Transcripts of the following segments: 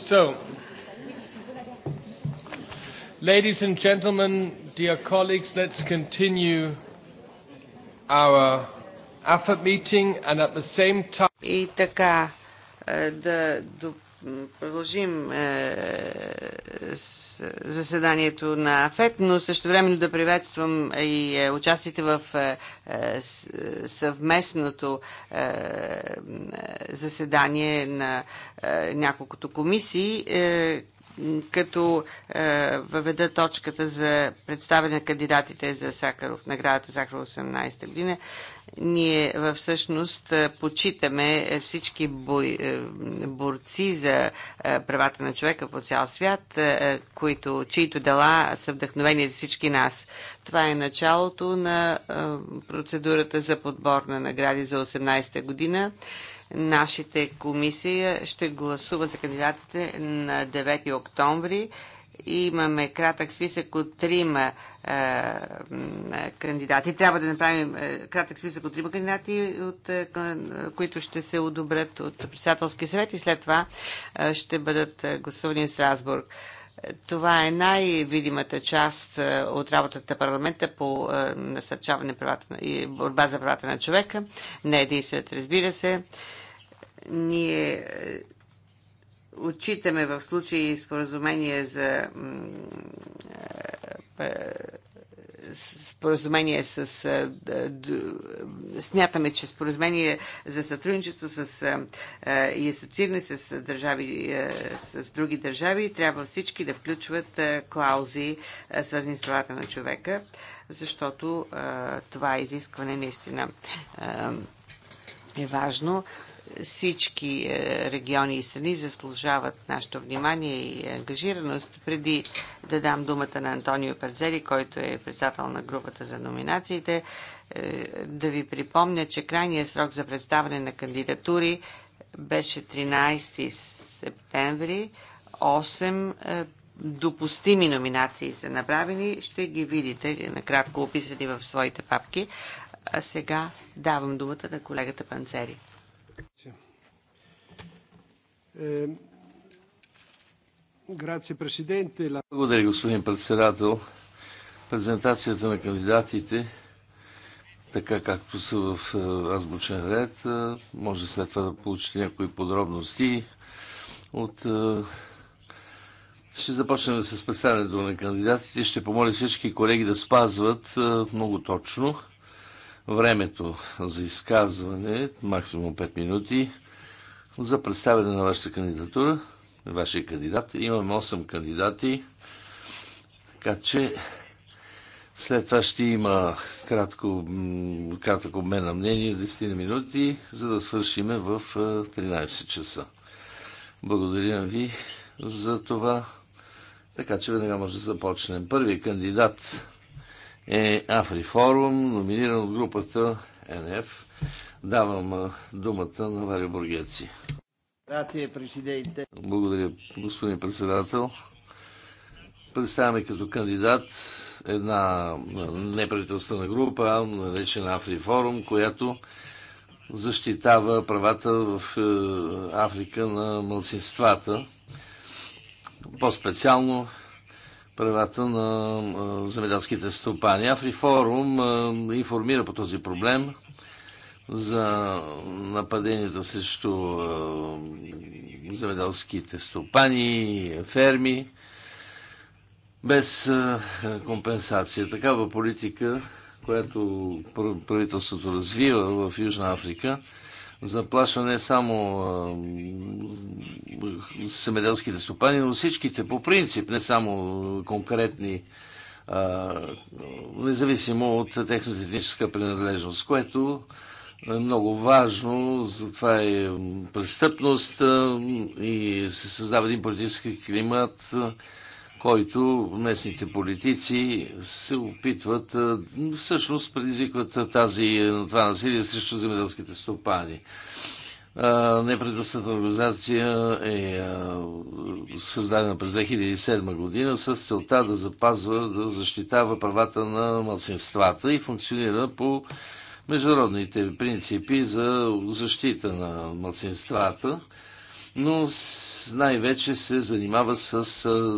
So, ladies and gentlemen, dear colleagues, let's continue our AFA meeting and at the same time... И така, да продължим е, с заседанието на АФЕТ, но също времено да приветствам и е, участите в е, е съвместното е, е, заседание на няколкото комисии, като е, въведа точката за представяне на кандидатите за Сахаров, наградата Сахаров 18-та година. Ние е, всъщност е, почитаме всички бой, борци за правата на човека по цял свят, които, чието дела са вдъхновени за всички нас. Това е началото на процедурата за подбор на награди за 18-та година. Нашите комисия ще гласува за кандидатите на 9 октомври. Имаме кратък списък от трима е, кандидати. Трябва да направим е, кратък списък от трима кандидати, от, е, които ще се одобрят от председателски съвет и след това ще бъдат гласувани в Страсбург. Това е най-видимата част от работата парламента по насърчаване правата и борба за правата на човека. Не единственият, разбира се. Ние е, отчитаме в случай споразумение за е, е, споразумение с... Смятаме, че споразумение за сътрудничество с и асоциирани с, държави, с други държави трябва всички да включват клаузи, свързани с правата на човека, защото това изискване наистина е важно всички е, региони и страни заслужават нашето внимание и ангажираност. Преди да дам думата на Антонио Перзели, който е председател на групата за номинациите, е, да ви припомня, че крайният срок за представяне на кандидатури беше 13 септември. 8 е, допустими номинации са направени. Ще ги видите накратко описани в своите папки. А сега давам думата на колегата Панцери. Ehm, Благодаря, господин председател. Презентацията на кандидатите, така както са в е, азбучен ред, е, може след това да получите някои подробности от е, ще започнем с представянето на кандидатите. Ще помоля всички колеги да спазват много точно времето за изказване, максимум 5 минути за представяне на вашата кандидатура, на вашия кандидат. Имаме 8 кандидати, така че след това ще има кратко, кратко обмен на мнение, 10 минути, за да свършиме в 13 часа. Благодаря ви за това. Така че веднага може да започнем. Първият кандидат е Африфорум, номиниран от групата НФ Давам думата на Валя Бургеци. Благодаря, господин председател. Представяме като кандидат една неправителствена група, наречена Африфорум, която защитава правата в Африка на мълцинствата, по-специално правата на земеделските стопани. Африфорум информира по този проблем за нападението срещу земеделските стопани, ферми, без компенсация. Такава политика, която правителството развива в Южна Африка, заплашва не само земеделските стопани, но всичките по принцип, не само конкретни независимо от техната етническа принадлежност, което е много важно, затова е престъпност е, и се създава един политически климат, е, който местните политици се опитват, е, всъщност предизвикват тази, това насилие срещу земеделските стопани. Непредъсната организация е създадена през 2007 година с целта да запазва, да защитава правата на младсинствата и функционира по международните принципи за защита на младсинствата, но най-вече се занимава с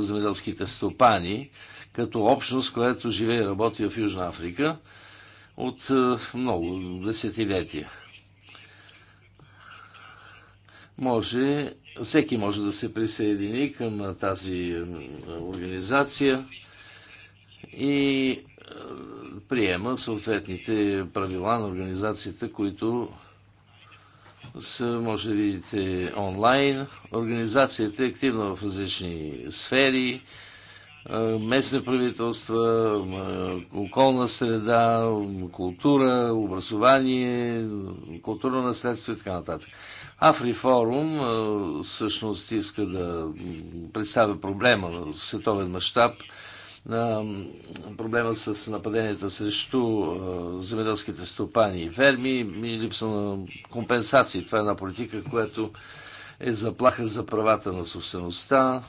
земеделските стопани, като общност, която живее и работи в Южна Африка от много десетилетия. Може, всеки може да се присъедини към тази организация и приема съответните правила на организацията, които са, може да видите, онлайн. Организацията е активна в различни сфери, местни правителства, околна среда, култура, образование, културно наследство и така нататък. Африфорум всъщност иска да представя проблема на световен мащаб, на проблема с нападенията срещу земеделските стопани и ферми и липса на компенсации. Това е една политика, която е заплаха за правата на собствеността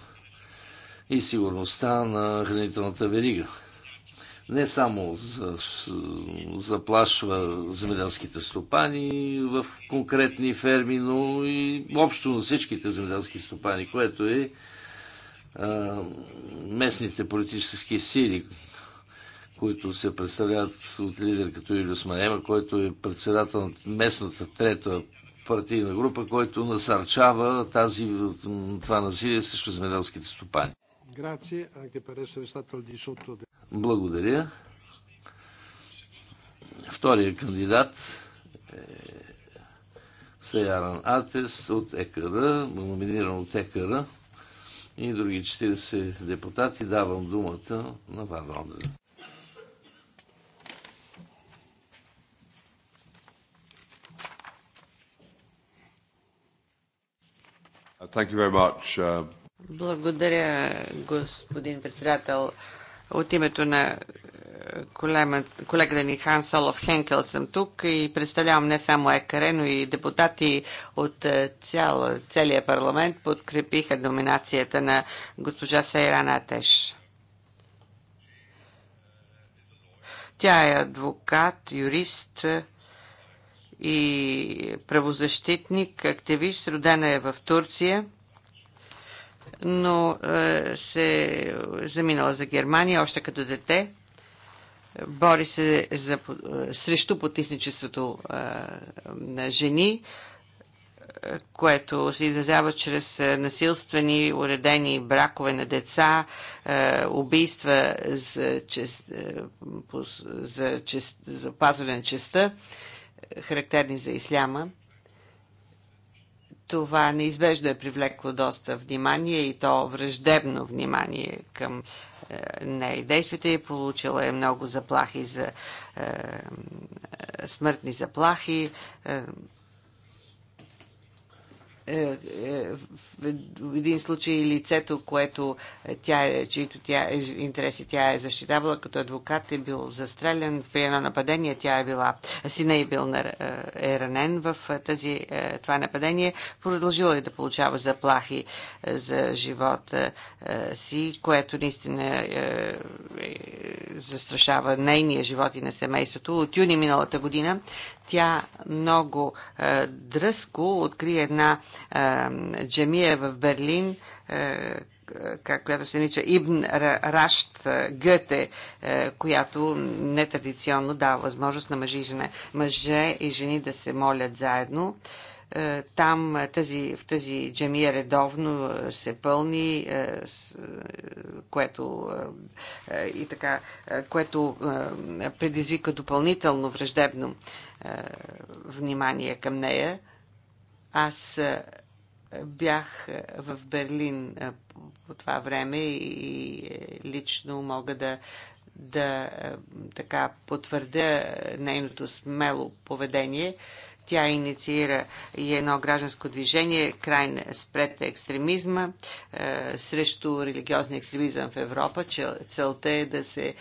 и сигурността на хранителната верига. Не само заплашва земеделските стопани в конкретни ферми, но и общо на всичките земеделски стопани, което е местните политически сили, които се представляват от лидер като Илюс Манема, който е председател на местната трета партийна група, който насърчава тази, това насилие срещу земеделските стопани. Благодаря. Втория кандидат е Сеяран Атес от ЕКР, номиниран от ЕКР и други 40 депутати. Давам думата на Ван Лонден. Uh, Благодаря, господин председател. От името на Колега ни Хан Солов Хенкел съм тук и представлявам не само ЕКР, но и депутати от е, цял, целия парламент подкрепиха номинацията на госпожа Сейран Атеш. Тя е адвокат, юрист и правозащитник, активист, родена е в Турция но е, се е, заминала за Германия още като дете бори се за, е, срещу потисничеството е, на жени, е, което се изразява чрез насилствени, уредени бракове на деца, убийства за, чест, за, за пазване на честа, характерни за исляма. Това неизбежно е привлекло доста внимание и то враждебно внимание към е, не и действията и получила е много заплахи за е, смъртни заплахи. Е, е, е, в един случай лицето, което тя е, чието тя интереси тя е защитавала като адвокат е бил застрелян при едно нападение, тя е била, сина е бил е ранен в тази, това нападение, продължила е да получава заплахи за живота си, което наистина застрашава нейния живот и на семейството. От юни миналата година тя много дръско откри една Джемия е в Берлин, която се нарича Ибн Рашт Гете, която нетрадиционно дава възможност на мъже и, жена, мъже и жени да се молят заедно. Там тази, в тази джамия редовно се пълни, което, и така, което предизвика допълнително враждебно внимание към нея аз бях в Берлин по това време и е, лично мога да, да така потвърдя нейното смело поведение. Тя инициира и едно гражданско движение, край спред екстремизма, е, срещу религиозния екстремизъм в Европа. Целта е да се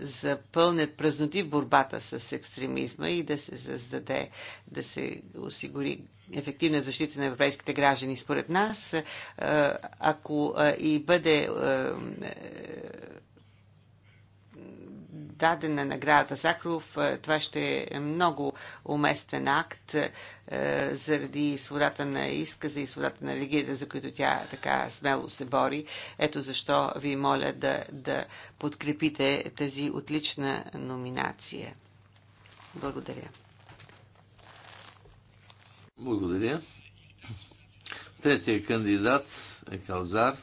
запълнят празноти в борбата с екстремизма и да се създаде, да се осигури ефективна защита на европейските граждани. Според нас, е, ако е, и бъде е, дадена наградата Сакров, това ще е много уместен акт заради свободата на изказа и свободата на религията, за които тя така смело се бори. Ето защо ви моля да, да подкрепите тази отлична номинация. Благодаря. Благодаря. Третия кандидат е Калзар,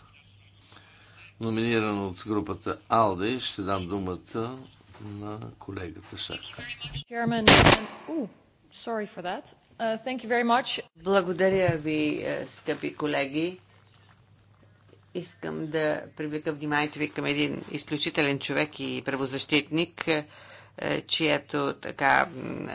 номиниран от групата АЛДЕ. Ще дам думата на колегата Шака. Uh, Благодаря ви, е, скъпи колеги. Искам да привлека вниманието ви към един изключителен човек и правозащитник, е, чието така е,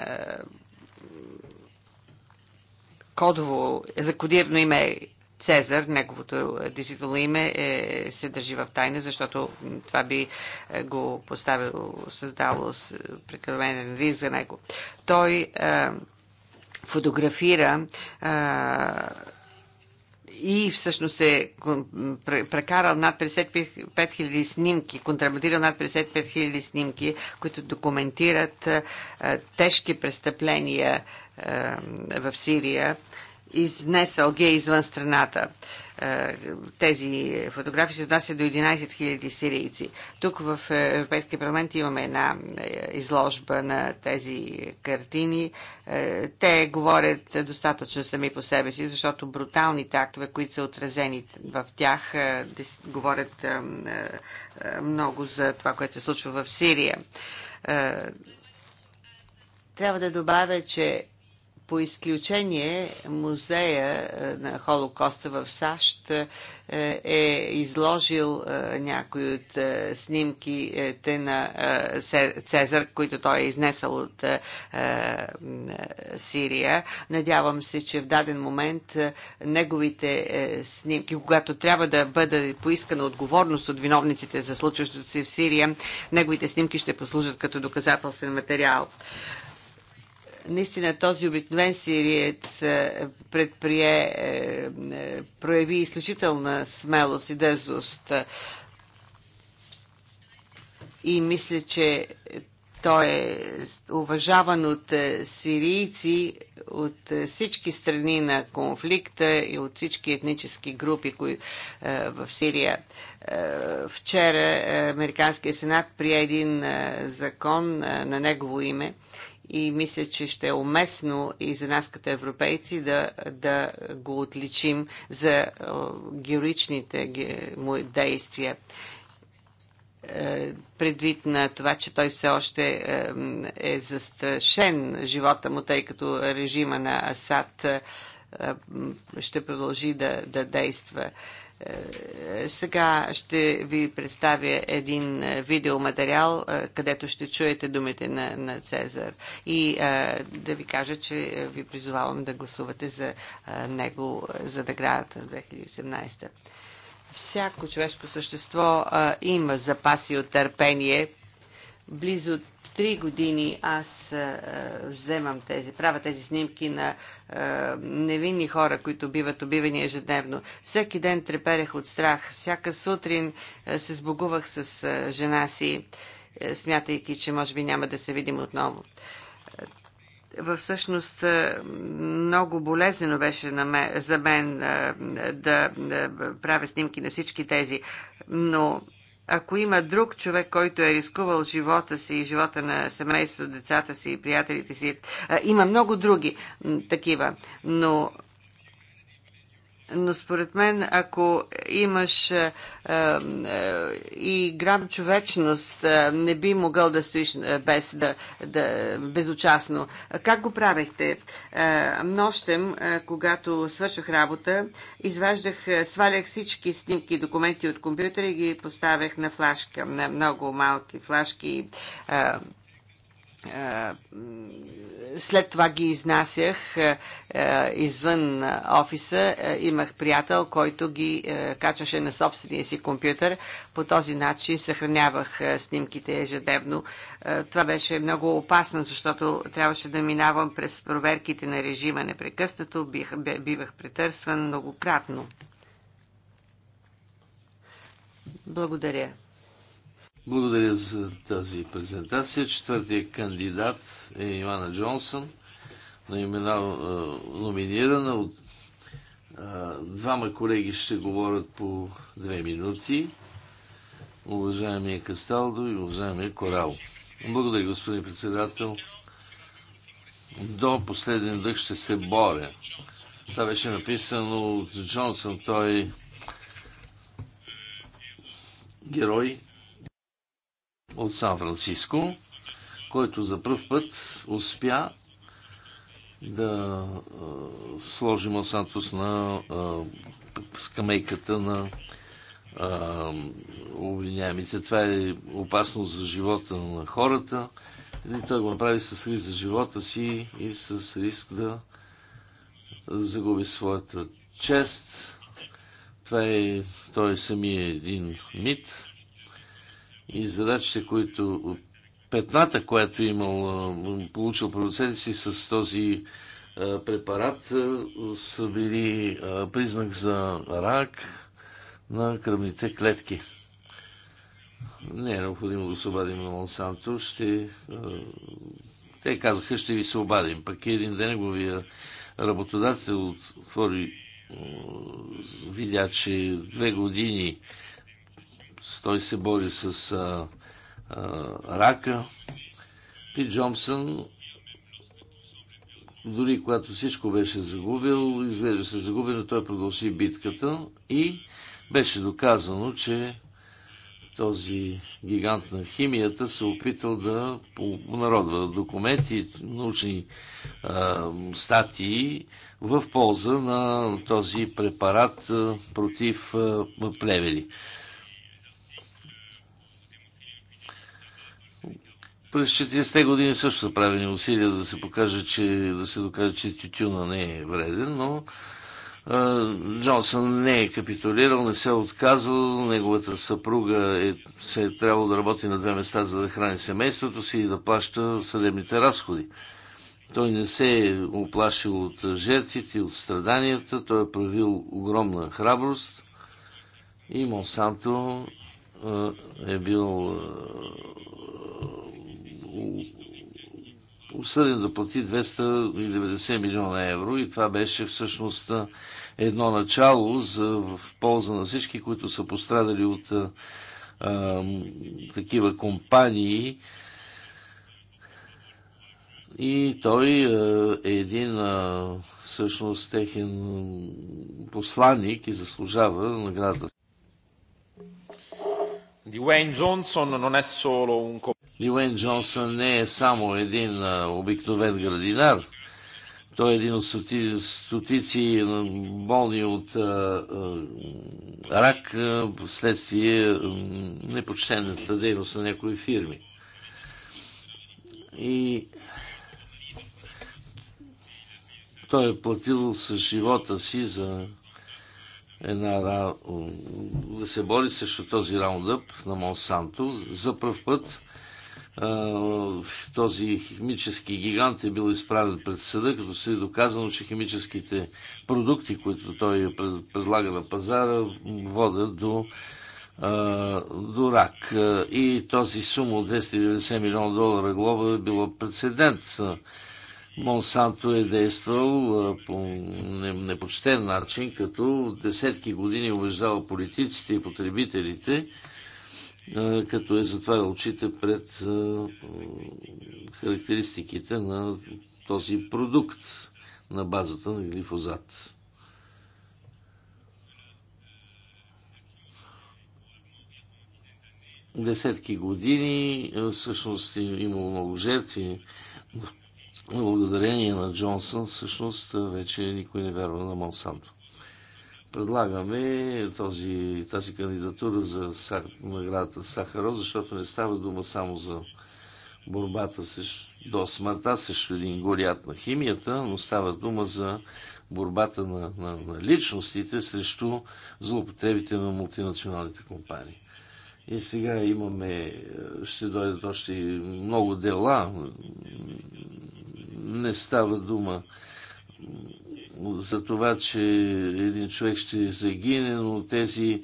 кодово, за кодирно име Цезар, неговото е, действително име, е, се държи в тайна, защото това би е, го поставило, създало прекален риск за него. Той е, фотографира е, и всъщност е прекарал над 55 000 снимки, контрабандирал над 55 000 снимки, които документират е, тежки престъпления е, в Сирия, изнесъл Алгия извън страната. Е, тези фотографии се отнасят до 11 000 сирийци. Тук в Европейския парламент имаме една е, изложба на тези картини. Те говорят достатъчно сами по себе си, защото бруталните актове, които са отразени в тях, говорят много за това, което се случва в Сирия. Трябва да добавя, че по изключение, музея е, на Холокоста в САЩ е, е изложил е, някои от снимките на Цезар, които той е изнесъл от Сирия. Надявам се, че в даден момент неговите снимки, когато трябва да бъде поискана отговорност от виновниците за случващото се в Сирия, неговите снимки ще послужат като доказателствен материал наистина този обикновен сириец е, предприе, е, е, прояви изключителна смелост и дързост. И мисля, че той е уважаван от сирийци от всички страни на конфликта и от всички етнически групи кои, в Сирия. вчера Американския сенат прие един закон на негово име и мисля, че ще е уместно и за нас като европейци да, да го отличим за е, героичните му действия е, предвид на това, че той все още е, е застрашен живота му, тъй като режима на Асад ще продължи да, да действа. Е, сега ще ви представя един е, видеоматериал, е, където ще чуете думите на, на Цезар. И да ви кажа, че ви призовавам да гласувате за него, за наградата на 2018. Всяко човешко същество а, има запаси от търпение. Близо три години аз вземам тези, правя тези снимки на невинни хора, които биват убивани ежедневно. Всеки ден треперех от страх. Всяка сутрин се сбогувах с жена си, смятайки, че може би няма да се видим отново всъщност много болезнено беше за мен да правя снимки на всички тези, но ако има друг човек, който е рискувал живота си и живота на семейството, децата си и приятелите си, има много други такива, но но според мен, ако имаш е, е, и грам човечност, е, не би могъл да стоиш е, без, да, да, безучастно. Как го правехте? Е, нощем, е, когато свърших работа, изваждах, е, свалях всички снимки и документи от компютъра и ги поставях на флашка, на много малки флашки. Е, след това ги изнасях извън офиса. Имах приятел, който ги качваше на собствения си компютър. По този начин съхранявах снимките ежедневно. Това беше много опасно, защото трябваше да минавам през проверките на режима непрекъснато. бивах претърсван многократно. Благодаря. Благодаря за тази презентация. Четвъртият кандидат е Ивана Джонсън, е, номинирана от е, двама колеги ще говорят по две минути. Уважаемия Касталдо и уважаемия Корал. Благодаря, господин председател. До последния дъх ще се боря. Това беше написано от Джонсън. Той е герой от Сан-Франциско, който за пръв път успя да сложи Монсантос на скамейката на обвиняемите. Това е опасно за живота на хората. И той го направи с риск за живота си и с риск да загуби своята чест. Това е, той самия е един мит и задачите, които петната, която имал, получил продуцентите си с този препарат, са били признак за рак на кръвните клетки. Не е необходимо да се обадим на Монсанто. Ще, те казаха, ще ви се обадим. Пък един ден неговия работодател отвори, видя, че две години той се бори с а, а, рака. Пит Джонсън, дори когато всичко беше загубил, изглежда се загубено, той продължи битката и беше доказано, че този гигант на химията се е опитал да народва документи, научни а, статии в полза на този препарат а, против а, плевели. През 40-те години също са правени усилия да се покаже, че, да се докаже, че тютюна не е вреден, но Джонсън не е капитулирал, не се е отказал, неговата съпруга е, се е трябвало да работи на две места, за да храни семейството си и да плаща съдебните разходи. Той не се е оплашил от жертвите, от страданията, той е проявил огромна храброст и Монсанто е бил осъден да плати 290 милиона евро и това беше всъщност едно начало за, в полза на всички, които са пострадали от а, такива компании. И той е един а, всъщност техен посланник и заслужава наградата. Di Джонсон, не е само Юен Джонсън не е само един а, обикновен градинар. Той е един от стоти, стотици болни от а, а, рак а, вследствие а, непочтената дейност на някои фирми. И той е платил с живота си за една да се бори срещу този раундъп на Монсанто. За първ път този химически гигант е бил изправен пред съда, като се е доказано, че химическите продукти, които той е предлага на пазара, водят до, до рак. И този сума от 290 милиона долара глоба е било прецедент. Монсанто е действал по непочтен начин, като десетки години е убеждава политиците и потребителите, като е затварял очите пред характеристиките на този продукт на базата на глифозат. Десетки години всъщност е имало много жертви. Благодарение на Джонсън всъщност вече никой не вярва на Монсанто предлагаме този, тази кандидатура за сах, наградата Сахаро, защото не става дума само за борбата срещу, до смъртта срещу един горят на химията, но става дума за борбата на, на, на личностите срещу злоупотребите на мултинационалните компании. И сега имаме, е, ще дойдат още много дела. Не става дума за това, че един човек ще загине, но тези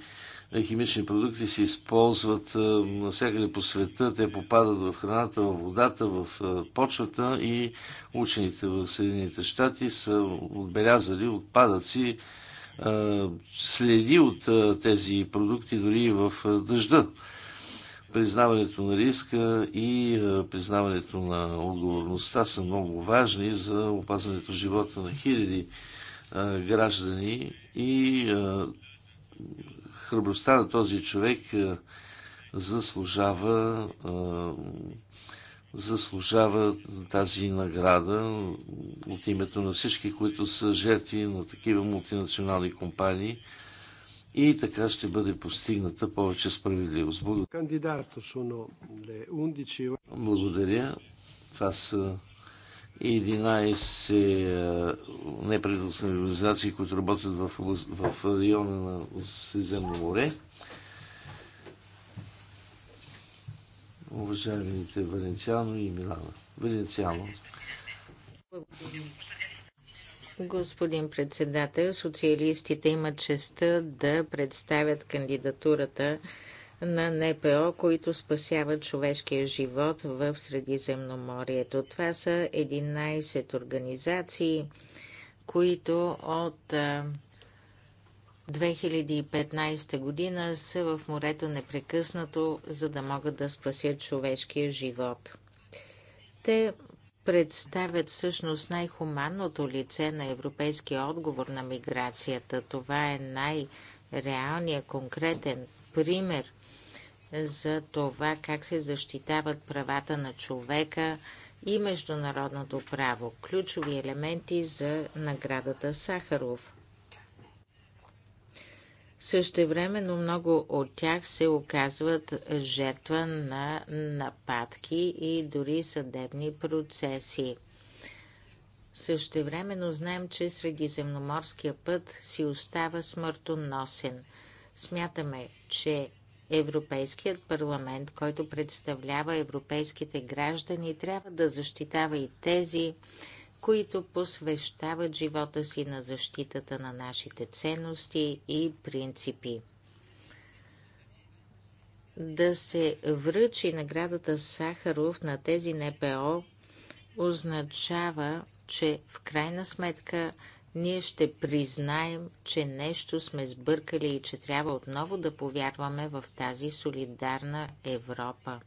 химични продукти се използват навсякъде по света. Те попадат в храната, в водата, в почвата и учените в Съединените щати са отбелязали отпадъци, следи от тези продукти дори и в дъжда признаването на риска и е, признаването на отговорността са много важни за опазването живота на хиляди е, граждани и е, храбростта на този човек заслужава заслужава тази награда от името на всички, които са жертви на такива мултинационални компании – и така ще бъде постигната повече справедливост. Благодаря. Това са 11 е, неправителствени организации, които работят в, в района на Средиземно море. Уважаемите Венециано и Милана. Венециано. Благодаря. Господин председател, социалистите имат честа да представят кандидатурата на НПО, които спасяват човешкия живот в Средиземноморието. Това са 11 организации, които от 2015 година са в морето непрекъснато, за да могат да спасят човешкия живот. Те представят всъщност най-хуманното лице на европейския отговор на миграцията. Това е най-реалният конкретен пример за това как се защитават правата на човека и международното право. Ключови елементи за наградата Сахаров. Същевременно много от тях се оказват жертва на нападки и дори съдебни процеси. Същевременно знаем, че Средиземноморския път си остава смъртоносен. Смятаме, че Европейският парламент, който представлява европейските граждани, трябва да защитава и тези, които посвещават живота си на защитата на нашите ценности и принципи. Да се връчи наградата Сахаров на тези НПО означава, че в крайна сметка ние ще признаем, че нещо сме сбъркали и че трябва отново да повярваме в тази солидарна Европа.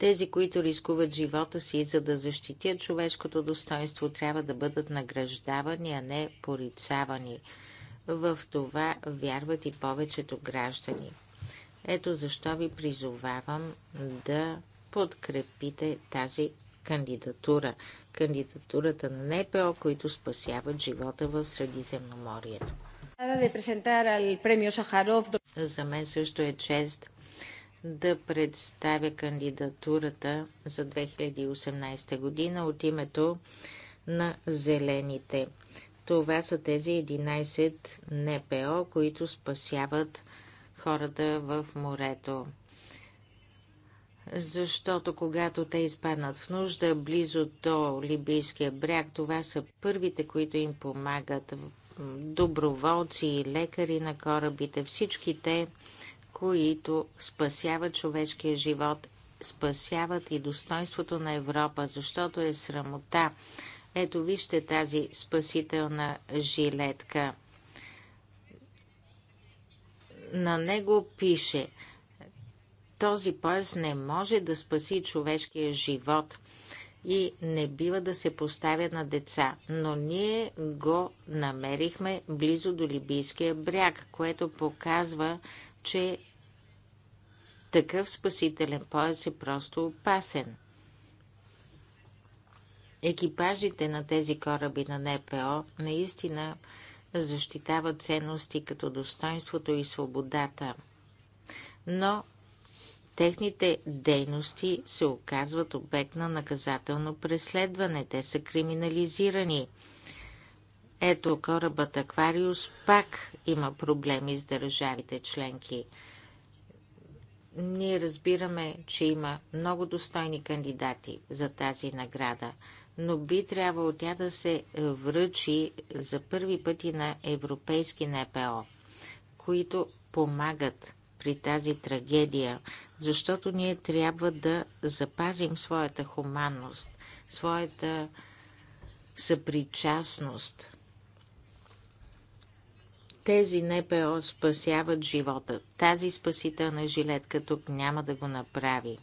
Тези, които рискуват живота си, за да защитят човешкото достоинство, трябва да бъдат награждавани, а не порицавани. В това вярват и повечето граждани. Ето защо ви призовавам да подкрепите тази кандидатура. Кандидатурата на НПО, които спасяват живота в Средиземноморието. За мен също е чест да представя кандидатурата за 2018 година от името на Зелените. Това са тези 11 НПО, които спасяват хората в морето. Защото когато те изпаднат в нужда близо до Либийския бряг, това са първите, които им помагат. Доброволци, лекари на корабите, всички те които спасяват човешкия живот, спасяват и достоинството на Европа, защото е срамота. Ето вижте тази спасителна жилетка. На него пише този пояс не може да спаси човешкия живот и не бива да се поставя на деца, но ние го намерихме близо до Либийския бряг, което показва, че такъв спасителен пояс е просто опасен. Екипажите на тези кораби на НПО наистина защитават ценности като достоинството и свободата. Но техните дейности се оказват обект на наказателно преследване. Те са криминализирани. Ето корабът Аквариус пак има проблеми с държавите членки – ние разбираме, че има много достойни кандидати за тази награда, но би трябвало тя да се връчи за първи пъти на европейски НПО, които помагат при тази трагедия, защото ние трябва да запазим своята хуманност, своята съпричастност тези НПО спасяват живота. Тази спасителна жилетка тук няма да го направи.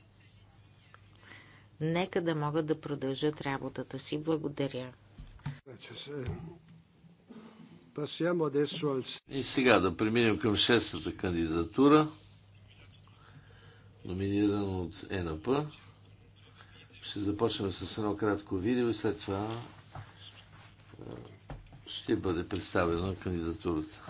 Нека да могат да продължат работата си. Благодаря. И сега да преминем към шестата кандидатура, номинирана от ЕНАП. Ще започнем с едно кратко видео и след това ще бъде представена кандидатурата.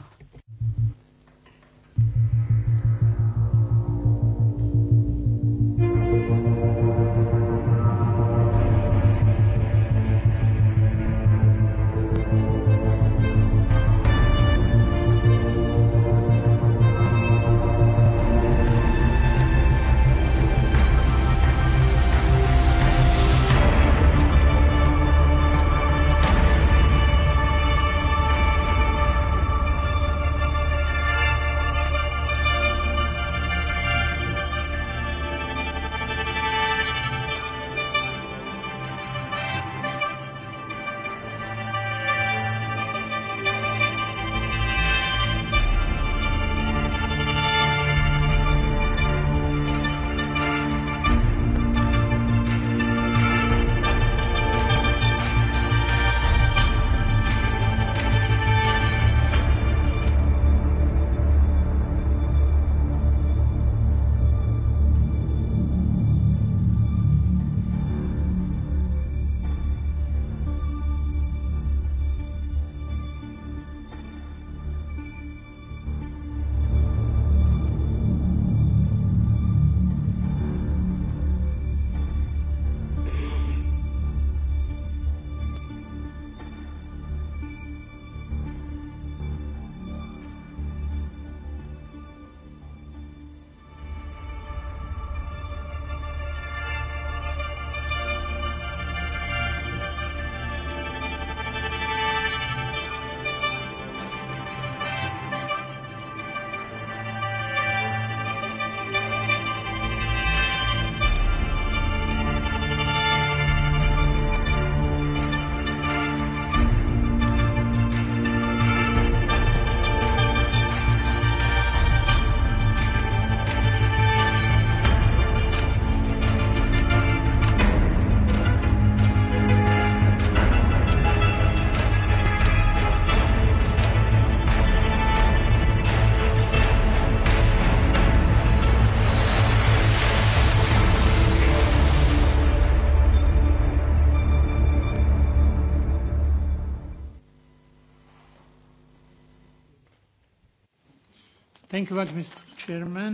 Thank you much, Mr. Chairman.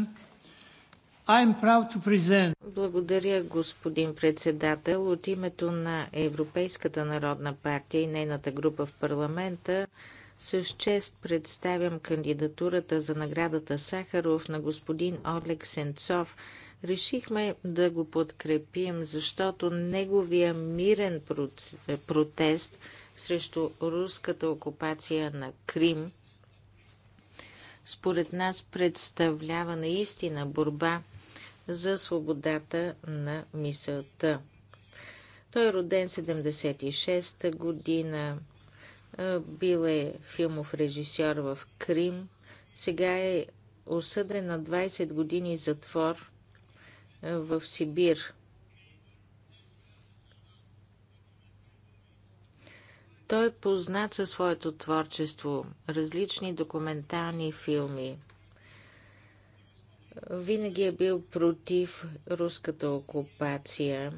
I'm proud to present. Благодаря, господин председател. От името на Европейската народна партия и нейната група в парламента с чест представям кандидатурата за наградата Сахаров на господин Олег Сенцов. Решихме да го подкрепим, защото неговия мирен протест срещу руската окупация на Крим – според нас представлява наистина борба за свободата на мисълта. Той е роден 76-та година, бил е филмов режисьор в Крим, сега е осъден на 20 години затвор в Сибир. Той е познат със своето творчество, различни документални филми. Винаги е бил против руската окупация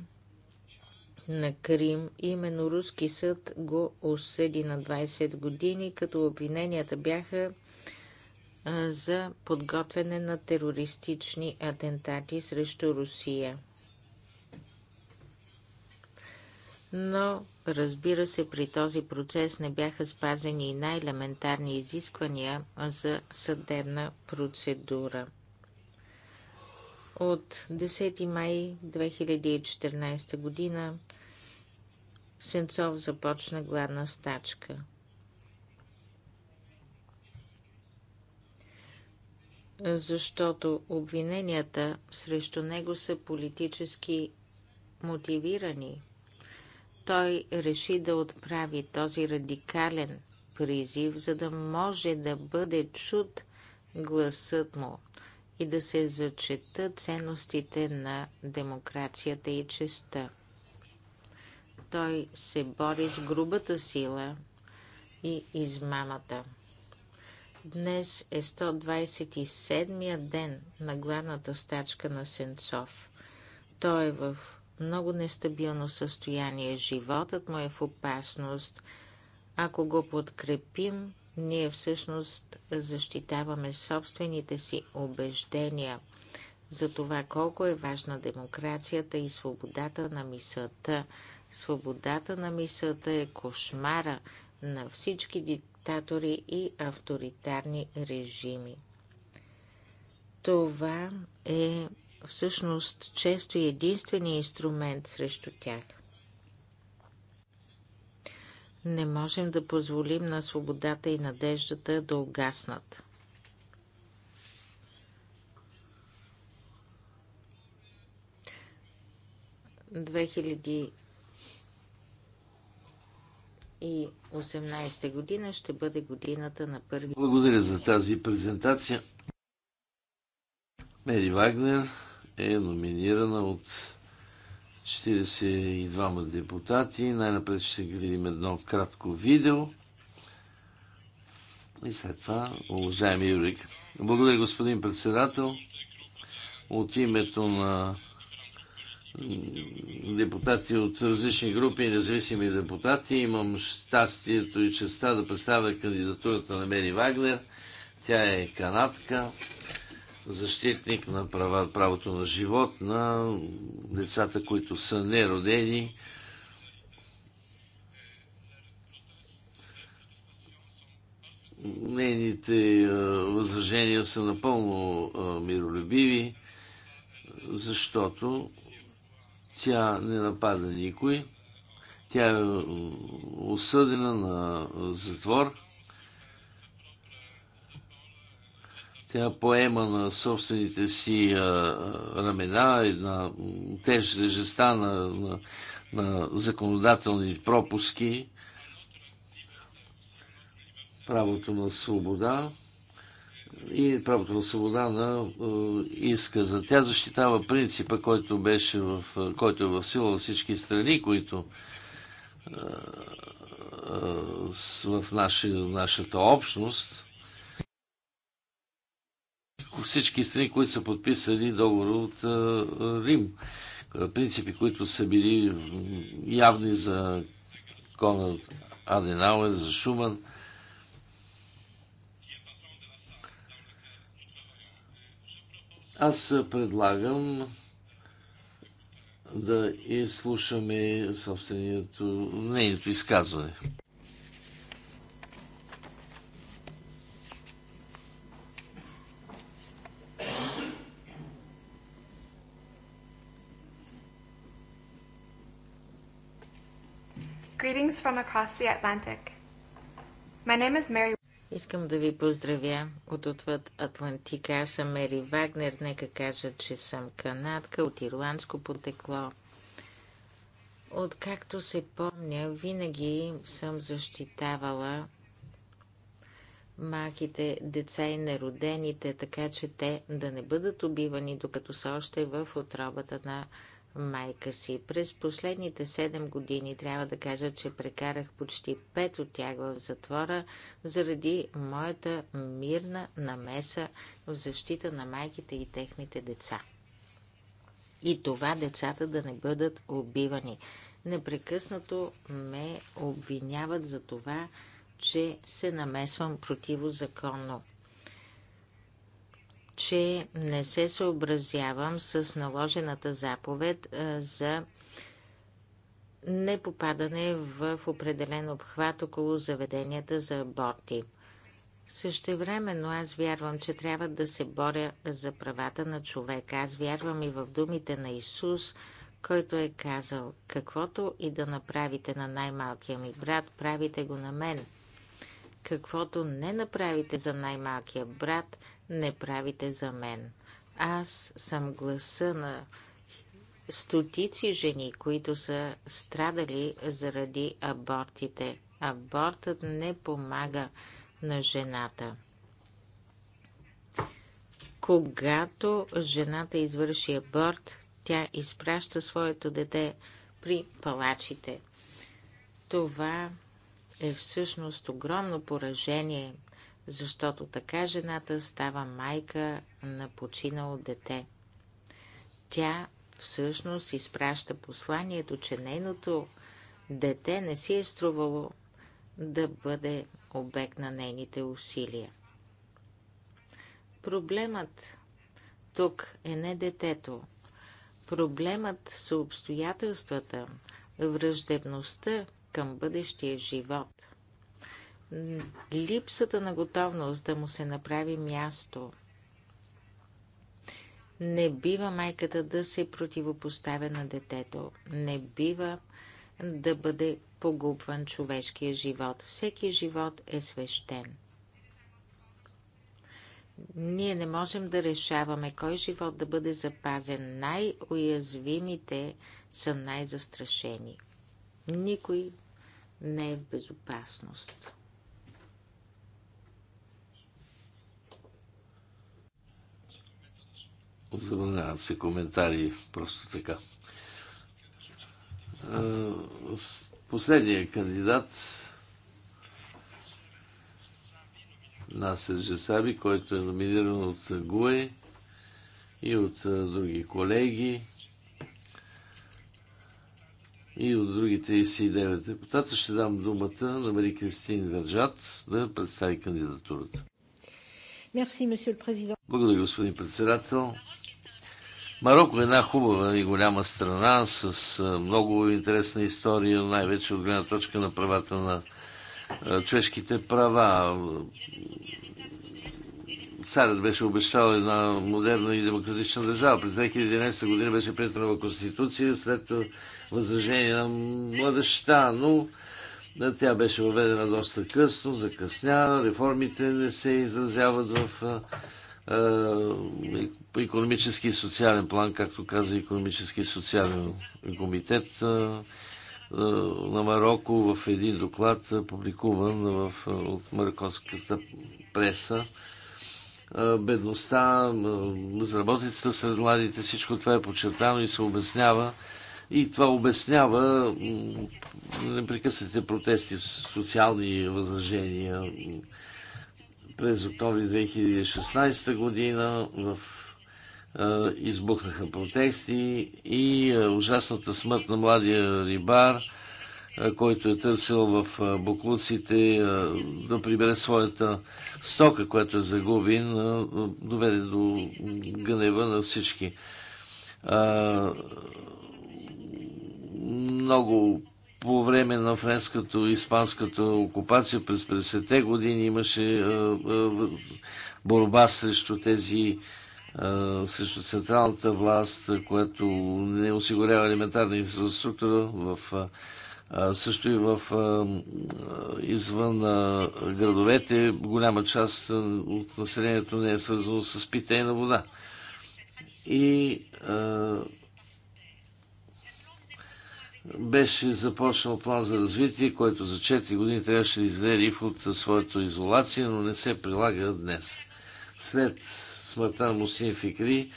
на Крим. Именно руски съд го осъди на 20 години, като обвиненията бяха за подготвяне на терористични атентати срещу Русия. но разбира се, при този процес не бяха спазени и най-елементарни изисквания за съдебна процедура. От 10 май 2014 година Сенцов започна гладна стачка. Защото обвиненията срещу него са политически мотивирани – той реши да отправи този радикален призив, за да може да бъде чут гласът му и да се зачетат ценностите на демокрацията и честа. Той се бори с грубата сила и измамата. Днес е 127-я ден на главната стачка на Сенцов. Той е в много нестабилно състояние. Животът му е в опасност. Ако го подкрепим, ние всъщност защитаваме собствените си убеждения за това колко е важна демокрацията и свободата на мисълта. Свободата на мисълта е кошмара на всички диктатори и авторитарни режими. Това е всъщност често и единствения инструмент срещу тях. Не можем да позволим на свободата и надеждата да угаснат. Две и 18 година ще бъде годината на първи. Благодаря за тази презентация. Мери Вагнер, е номинирана от 42 депутати. Най-напред ще видим едно кратко видео. И след това, уважаеми Юрик. Благодаря, господин председател. От името на депутати от различни групи и независими депутати. Имам щастието и честа да представя кандидатурата на Мери Вагнер. Тя е канатка защитник на права, правото на живот, на децата, които са неродени. Нейните възражения са напълно миролюбиви, защото тя не напада никой. Тя е осъдена на затвор – Тя поема на собствените си а, рамена и на тежестта на, на, на законодателни пропуски, правото на свобода и правото на свобода на изказа. Тя защитава принципа, който, беше в, който е в сила във всички страни, които в наши, нашата общност – всички страни, които са подписали договор от Рим. Принципи, които са били явни за Конрад Аденауер, за Шуман. Аз предлагам да изслушаме собственото нейното изказване. from across the Atlantic. My name is Mary. Искам да ви поздравя от отвъд Атлантика. Аз съм Мери Вагнер. Нека кажа, че съм канадка от ирландско потекло. Откакто се помня, винаги съм защитавала малките деца и неродените, така че те да не бъдат убивани, докато са още в отробата на майка си. През последните 7 години трябва да кажа, че прекарах почти 5 от тях в затвора заради моята мирна намеса в защита на майките и техните деца. И това децата да не бъдат убивани. Непрекъснато ме обвиняват за това, че се намесвам противозаконно че не се съобразявам с наложената заповед за непопадане в определен обхват около заведенията за аборти. но аз вярвам, че трябва да се боря за правата на човека. Аз вярвам и в думите на Исус, който е казал, каквото и да направите на най-малкия ми брат, правите го на мен. Каквото не направите за най-малкия брат, не правите за мен. Аз съм гласа на стотици жени, които са страдали заради абортите. Абортът не помага на жената. Когато жената извърши аборт, тя изпраща своето дете при палачите. Това е всъщност огромно поражение защото така жената става майка на починало дете. Тя всъщност изпраща посланието, че нейното дете не си е струвало да бъде обект на нейните усилия. Проблемът тук е не детето. Проблемът са обстоятелствата, враждебността към бъдещия живот – липсата на готовност да му се направи място. Не бива майката да се противопоставя на детето. Не бива да бъде погубван човешкия живот. Всеки живот е свещен. Ние не можем да решаваме кой живот да бъде запазен. Най-уязвимите са най-застрашени. Никой не е в безопасност. Забраняват се коментари просто така. Последният кандидат Насер Жесаби, който е номиниран от ГУЕ и от други колеги и от други 39 депутата. Ще дам думата на Мари Кристин Вържат да представи кандидатурата. Благодаря, господин председател. Марокко е една хубава и голяма страна с много интересна история, най-вече от гледна точка на правата на човешките права. Царят беше обещал една модерна и демократична държава. През 2011 година беше приятелна Конституция след възражение на младеща, но тя беше въведена доста късно, закъсня, реформите не се изразяват в економически и социален план, както каза економически и социален комитет на Марокко в един доклад, публикуван в, от марокканската преса. Бедността, заработицата сред младите, всичко това е подчертано и се обяснява и това обяснява непрекъснатите протести, социални възражения. През октомври 2016 година в избухнаха протести и ужасната смърт на младия рибар, който е търсил в буклуците да прибере своята стока, която е загубен, доведе до гнева на всички много по време на френската и испанската окупация през 50-те години имаше е, е, борба срещу тези е, срещу централната власт, която не осигурява елементарна инфраструктура в също и в извън градовете голяма част от населението не е свързано с питейна вода. И беше започнал план за развитие, който за 4 години трябваше да изведе Риф от своята изолация, но не се прилага днес. След смъртта на Мусин Фикри,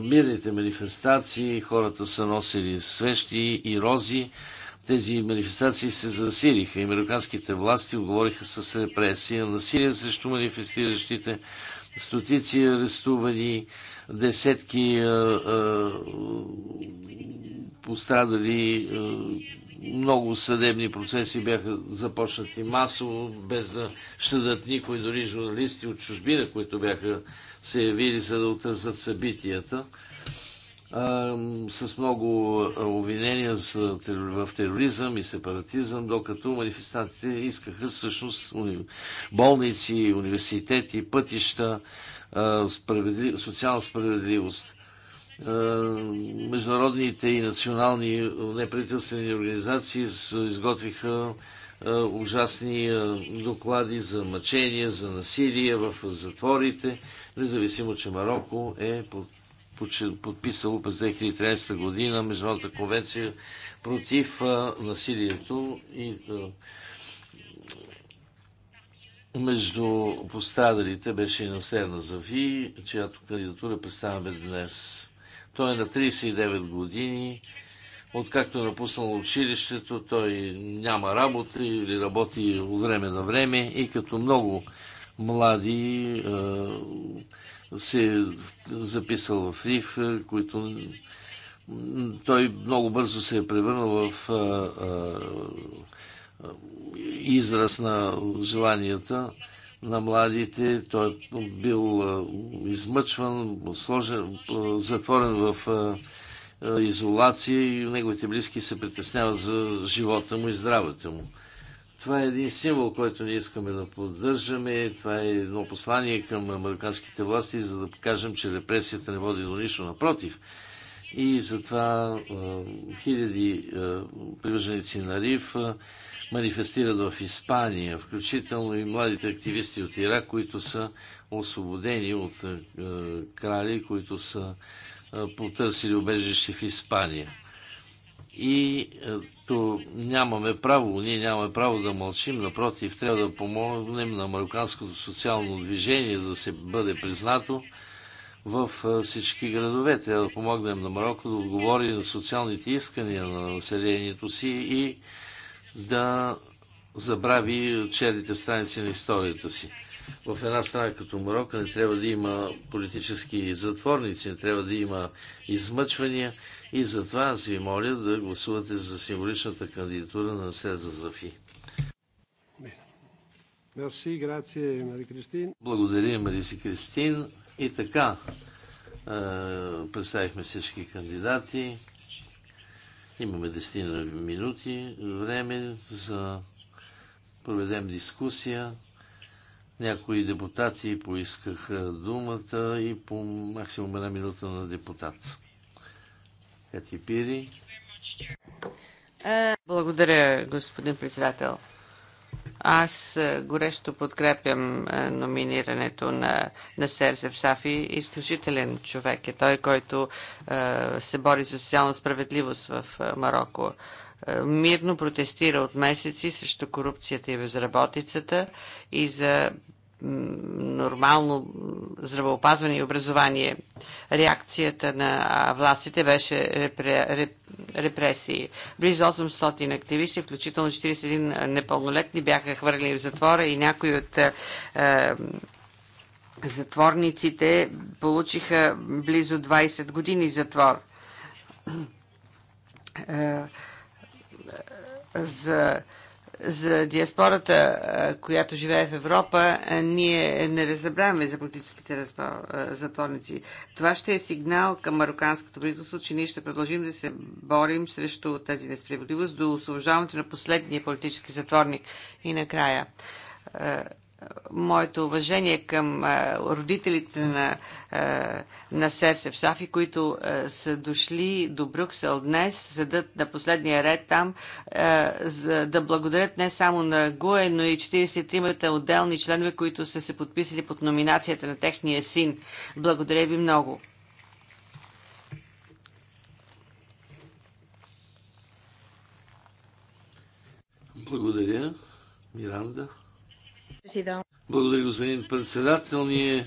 мирните манифестации, хората са носили свещи и рози. Тези манифестации се засилиха американските власти оговориха с репресия, насилие срещу манифестиращите, стотици арестувани, десетки а, а, пострадали. Е, много съдебни процеси бяха започнати масово, без да щадат никой, дори журналисти от чужбина, които бяха се явили, за да отразят събитията. с много обвинения в тероризъм и сепаратизъм, докато манифестантите искаха всъщност болници, университети, пътища, справедли... социална справедливост. Е, международните и национални неправителствени организации изготвиха е, ужасни е, доклади за мъчения, за насилие в затворите, независимо, че Марокко е подписало през 2013 година Международната конвенция против насилието и между пострадалите беше и за Ви, чиято кандидатура представяме днес. Той е на 39 години. Откакто е напуснал училището, той няма работа или работи от време на време и като много млади се е записал в РИФ, които той много бързо се е превърнал в израз на желанията на младите. Той е бил измъчван, сложен, затворен в изолация и неговите близки се притесняват за живота му и здравето му. Това е един символ, който ние искаме да поддържаме. Това е едно послание към американските власти, за да покажем, че репресията не води до нищо, напротив. И затова хиляди привърженици на Риф манифестират в Испания, включително и младите активисти от Ирак, които са освободени от е, крали, които са е, потърсили убежище в Испания. И е, то нямаме право, ние нямаме право да мълчим, напротив, трябва да помогнем на марокканското социално движение, за да се бъде признато в всички градове. Трябва да помогнем на Марокко да отговори на социалните искания на населението си и да забрави черните страници на историята си. В една страна като Марокко не трябва да има политически затворници, не трябва да има измъчвания и затова аз ви моля да гласувате за символичната кандидатура на Сеза Зафи. Мерси, грация, Мари Кристин. Благодаря, Мариси Кристин. И така, е, представихме всички кандидати. Имаме 10 минути време за проведем дискусия. Някои депутати поискаха думата и по максимум една минута на депутат. Кати Пири. Благодаря, господин председател. Аз е, горещо подкрепям е, номинирането на, на Серзев Сафи. Изключителен човек е той, който е, се бори за социална справедливост в Марокко. Мирно протестира от месеци срещу корупцията и безработицата и за нормално здравеопазване и образование. Реакцията на властите беше репре, репресии. Близо 800 активисти, включително 41 непълнолетни, бяха хвърлени в затвора и някои от е, е затворниците получиха близо 20 години затвор. Е, е за за диаспората, която живее в Европа, ние не разбравяме за политическите затворници. Това ще е сигнал към марокканското правителство, че ние ще продължим да се борим срещу тази несправедливост до освобождаването на последния политически затворник. И накрая моето уважение към е, родителите на, е, на Серсев Сафи, които е, са дошли до Брюксел днес, седат на последния ред там, за да благодарят не само на Гуе, но и 43-мата отделни членове, които са се подписали под номинацията на техния син. Благодаря ви много. Благодаря, Миранда. Благодаря, господин председател. Ние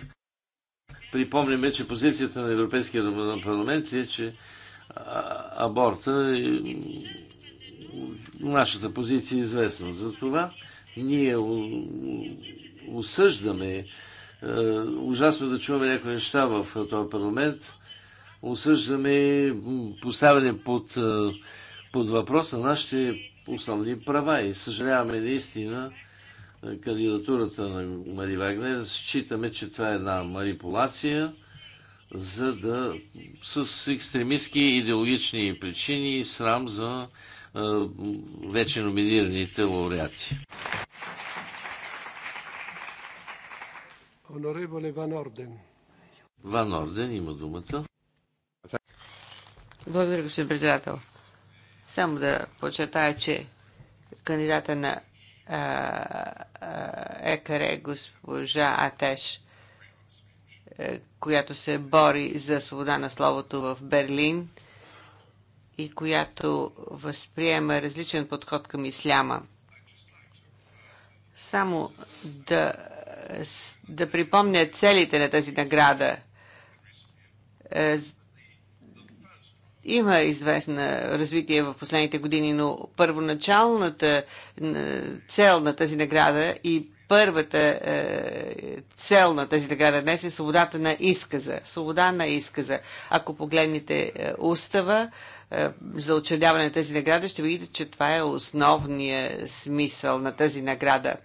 припомняме, че позицията на Европейския парламент е, че аборта е... Нашата позиция е известна. Затова ние осъждаме. Е, ужасно да чуваме някои неща в е, този парламент. Осъждаме поставяне под, е, под въпрос на нашите основни права и съжаляваме наистина, кандидатурата на Мари Вагнер, считаме, че това е една манипулация, за да с екстремистски идеологични причини и срам за а, вече номинираните лауреати. Онореволе Ван Орден. Ван Орден има думата. Благодаря, господин председател. Само да почетая, че кандидата на екаре госпожа Атеш, е, която се бори за свобода на словото в Берлин и която възприема различен подход към исляма. Само да, да припомня целите на тази награда е, – има известна развитие в последните години, но първоначалната е, цел на тази награда и първата е, цел на тази награда днес е свободата на изказа. Свобода на изказа. Ако погледнете е, устава за учредяване на тази награда, ще видите, че това е основният смисъл на тази награда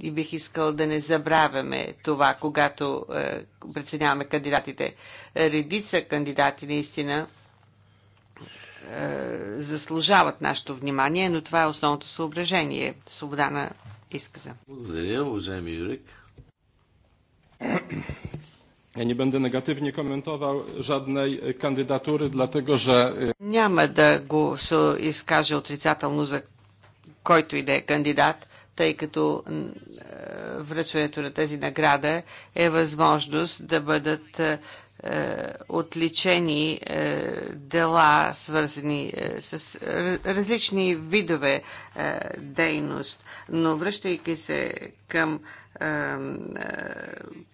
и бих искал да не забравяме това, когато е, преценяваме кандидатите. Редица кандидати наистина е, заслужават нашето внимание, но това е основното съображение. Свобода на изказа. Благодаря, уважаеми Юрик. Ja nie będę negatywnie komentował żadnej kandydatury, dlatego że... Е, Няма да го се изкаже отрицателно за който и да е кандидат, тъй като е, връчването на тази награда е възможност да бъдат е, е, отличени дела, свързани с различни видове дейност. Но връщайки се към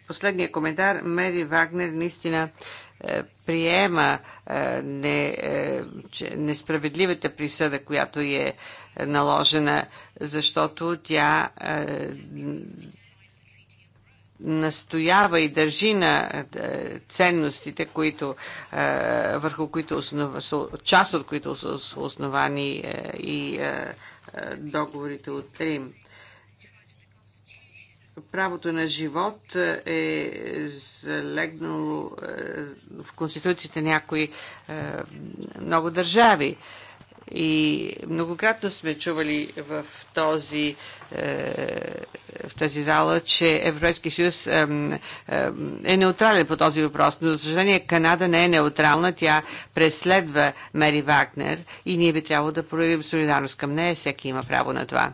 последния коментар, Мери Вагнер наистина е, приема е, не, е, несправедливата присъда, която е наложена, защото тя настоява и държи на ценностите, които, върху които основа, част от които са основани и договорите от Рим правото на живот е залегнало е, в конституцията някои е, много държави. И многократно сме чували в, този, е, в тази зала, че Европейски съюз е неутрален по този въпрос. Но, за съжаление, Канада не е неутрална. Тя преследва Мери Вагнер и ние би трябвало да проявим солидарност към нея. Всеки има право на това.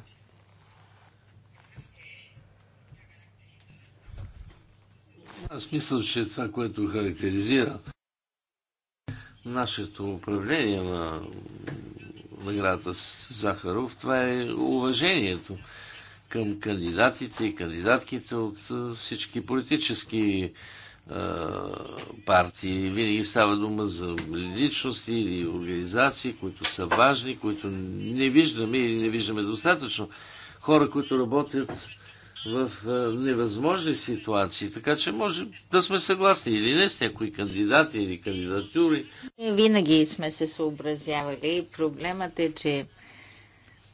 Аз мисля, че това, което характеризира нашето управление на наградата Захаров, това е уважението към кандидатите и кандидатките от всички политически партии. Винаги става дума за личности или организации, които са важни, които не виждаме или не виждаме достатъчно. Хора, които работят в невъзможни ситуации, така че може да сме съгласни или не с някои кандидати или кандидатури. Винаги сме се съобразявали. Проблемът е, че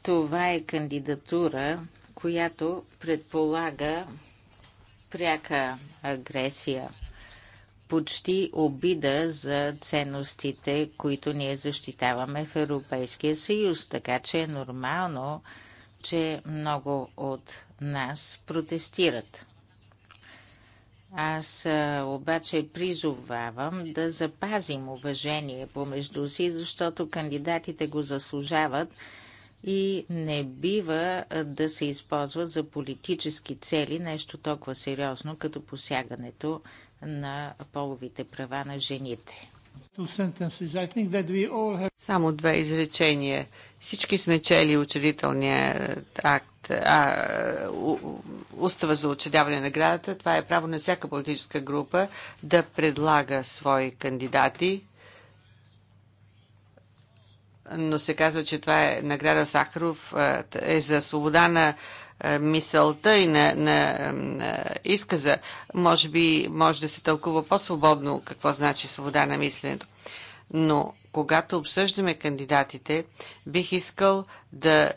това е кандидатура, която предполага пряка агресия, почти обида за ценностите, които ние защитаваме в Европейския съюз. Така че е нормално, че много от нас протестират. Аз обаче призовавам да запазим уважение помежду си, защото кандидатите го заслужават и не бива да се използват за политически цели нещо толкова сериозно, като посягането на половите права на жените. Само две изречения. Всички сме чели учредителния е, акт, е, а, устава за учредяване на градата. Това е право на всяка политическа група да предлага свои кандидати. Но се казва, че това е награда Сахаров, е, е за свобода на мисълта и на, на, на изказа. Може би може да се тълкува по-свободно какво значи свобода на мисленето. Но когато обсъждаме кандидатите, бих искал да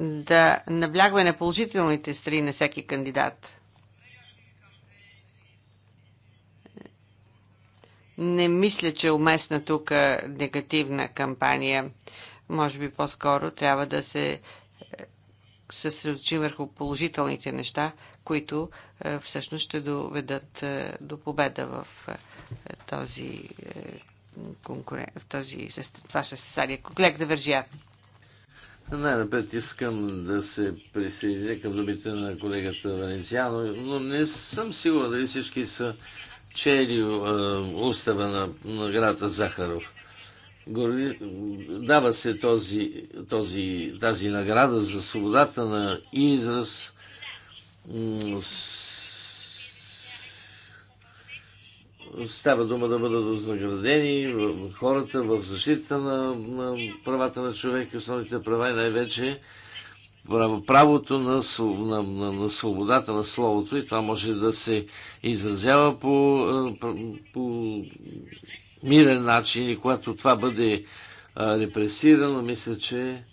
да наблягаме на положителните страни на всеки кандидат. Не мисля, че е уместна тук негативна кампания. Може би по-скоро трябва да се е, съсредоточим върху положителните неща, които е, всъщност ще доведат е, до победа в този е, конкурент, в този, това състезание. Колег да вържия. Най-напред искам да се присъединя към думите на колегата Венециано, но не съм сигурен дали всички са чели е, устава на, на града Захаров. дава се този, този, тази награда за свободата на израз, Става дума да бъдат възнаградени хората в защита на, на правата на човека, основните права и най-вече правото на, на, на, на свободата на словото и това може да се изразява по, по мирен начин и когато това бъде репресирано, мисля, че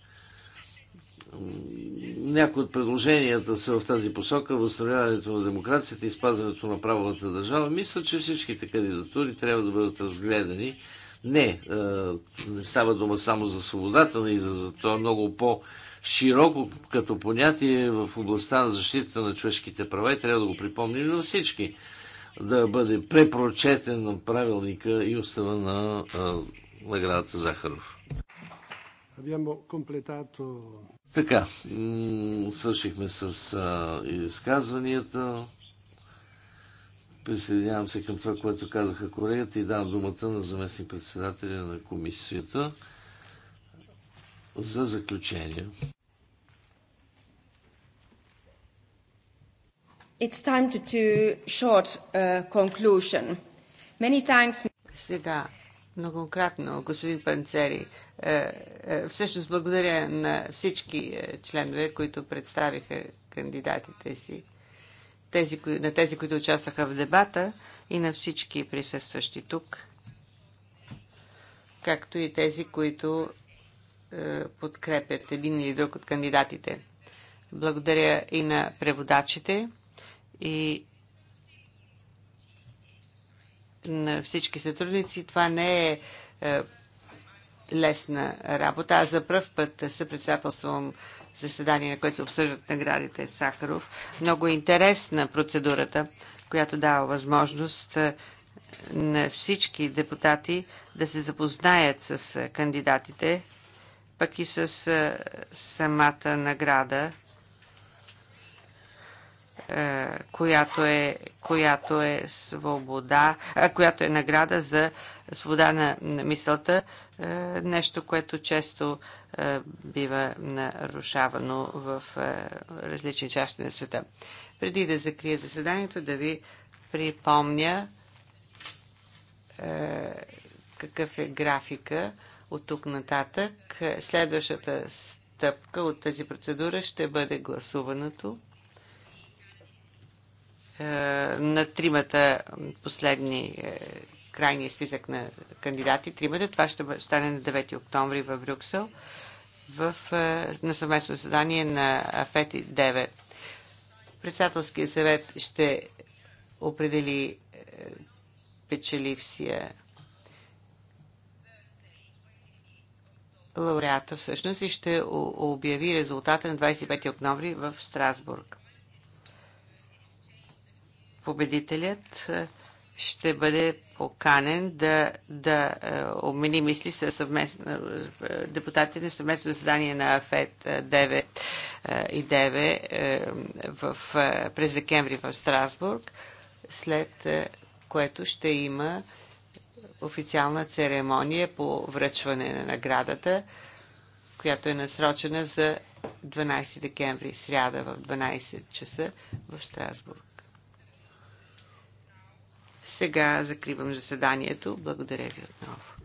някои от предложенията са в тази посока, възстановяването на демокрацията и спазването на правовата държава. Мисля, че всичките кандидатури трябва да бъдат разгледани. Не, е, не става дума само за свободата на израза, за е много по- широко като понятие в областта на защита на човешките права и трябва да го припомним на всички. Да бъде препрочетен на правилника и устава на е, наградата Захаров. Така, свършихме с а, изказванията. Присъединявам се към това, което казаха колегата и давам думата на заместник председателя на комисията за заключение. It's time to short uh, conclusion. Many Сега, многократно, господин Панцери, е, е, всъщност благодаря на всички е, членове, които представиха кандидатите си, тези, на тези, които участваха в дебата и на всички присъстващи тук, както и тези, които подкрепят един или друг от кандидатите. Благодаря и на преводачите и на всички сътрудници. Това не е лесна работа. Аз за първ път се председателствам заседание, на което се обсъждат наградите Сахаров. Много е интересна процедурата, която дава възможност е, на всички депутати да се запознаят с е, кандидатите, пък и с самата награда, която е, която е свобода, която е награда за свобода на, на мисълта, е, нещо, което често е, бива нарушавано в е, различни части на света. Преди да закрия заседанието, да ви припомня какъв е графика от тук нататък. Следващата стъпка от тази процедура ще бъде гласуването на тримата последни крайния списък на кандидати, тримата. Това ще стане на 9 октомври в Брюксел в, е, на съвместно заседание на Афети 9. Председателският съвет ще определи е, печеливсия лауреата всъщност и ще обяви резултата на 25 октомври в Страсбург. Победителят е, ще бъде поканен да, да е, обмени мисли с съвместно, е, депутатите на съвместно заседание на АФЕД е, 9 и 9 в, през декември в Страсбург, след което ще има официална церемония по връчване на наградата, която е насрочена за 12 декември, сряда в 12 часа в Страсбург. Сега закривам заседанието. Благодаря ви отново.